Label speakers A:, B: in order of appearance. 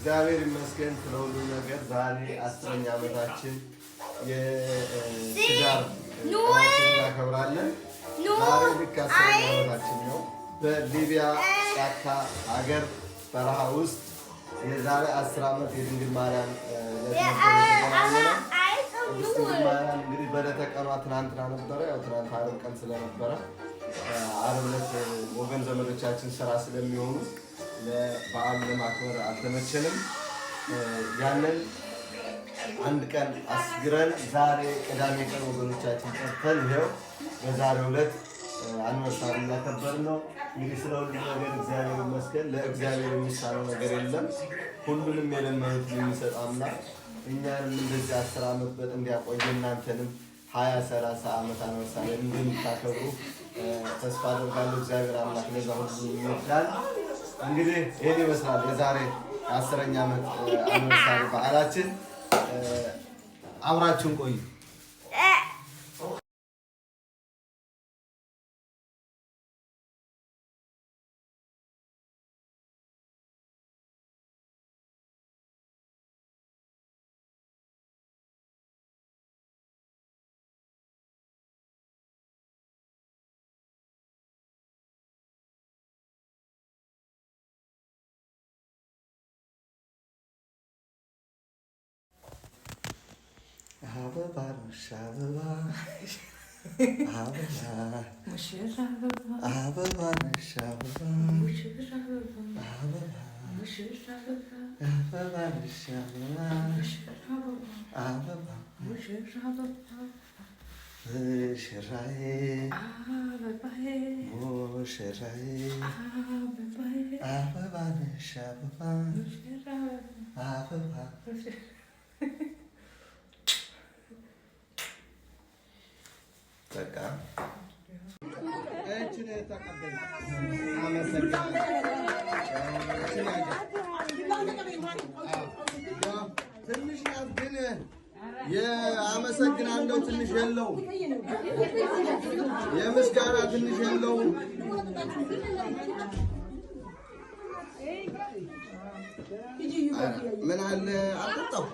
A: እግዚአብሔር ይመስገን ስለሁሉ ነገር። ዛሬ አስረኛ ዓመታችን የትዳር እናከብራለን። ዛሬ ልክ አስረኛ ዓመታችን ነው። በሊቢያ ጫካ ሀገር በረሃ ውስጥ የዛሬ አስር ዓመት የድንግል ማርያም
B: ማርያም
A: እንግዲህ በዕለተ ቀኗ ትናንትና ነበረ። ያው ትናንት ዓርብ ቀን ስለነበረ ዓርብ ዕለት ወገን ዘመዶቻችን ስራ ስለሚሆኑ ለበዓል ለማክበር አልተመቸንም። ያንን አንድ ቀን አስግረን ዛሬ ቅዳሜ ቀን ወገኖቻችን ጠርተን ይኸው በዛሬ ዕለት አንበሳን እናከበር ነው። እንግዲህ ስለ ሁሉ ነገር እግዚአብሔር ይመስገን። ለእግዚአብሔር የሚሳነው ነገር የለም። ሁሉንም የለመኑት የሚሰጥ አምላክ እኛንም እንደዚህ አስር ዓመት በጥ እንዲያቆየ እናንተንም ሀያ ሰላሳ ዓመት አንበሳን እንደምታከብሩ ተስፋ አደርጋለሁ። እግዚአብሔር አምላክ ለዛ ሁሉ ይወዳል። እንግዲህ ይህን ይመስላል የዛሬ የአስረኛ ዓመት አመሳሪ በዓላችን። አብራችሁን ቆዩ። Abi varmış abi varmış. abi var. Mışır abi var. Abi varmış abi var. Mışır abi var. Abi var. Mışır abi var. Abi varmış abi var. Mışır abi በቃ ትንሽ ናት ግን የአመሰግናለሁ ትንሽ የለው የምስጋና ትንሽ የለው። ምን አለ አልጠጣሁ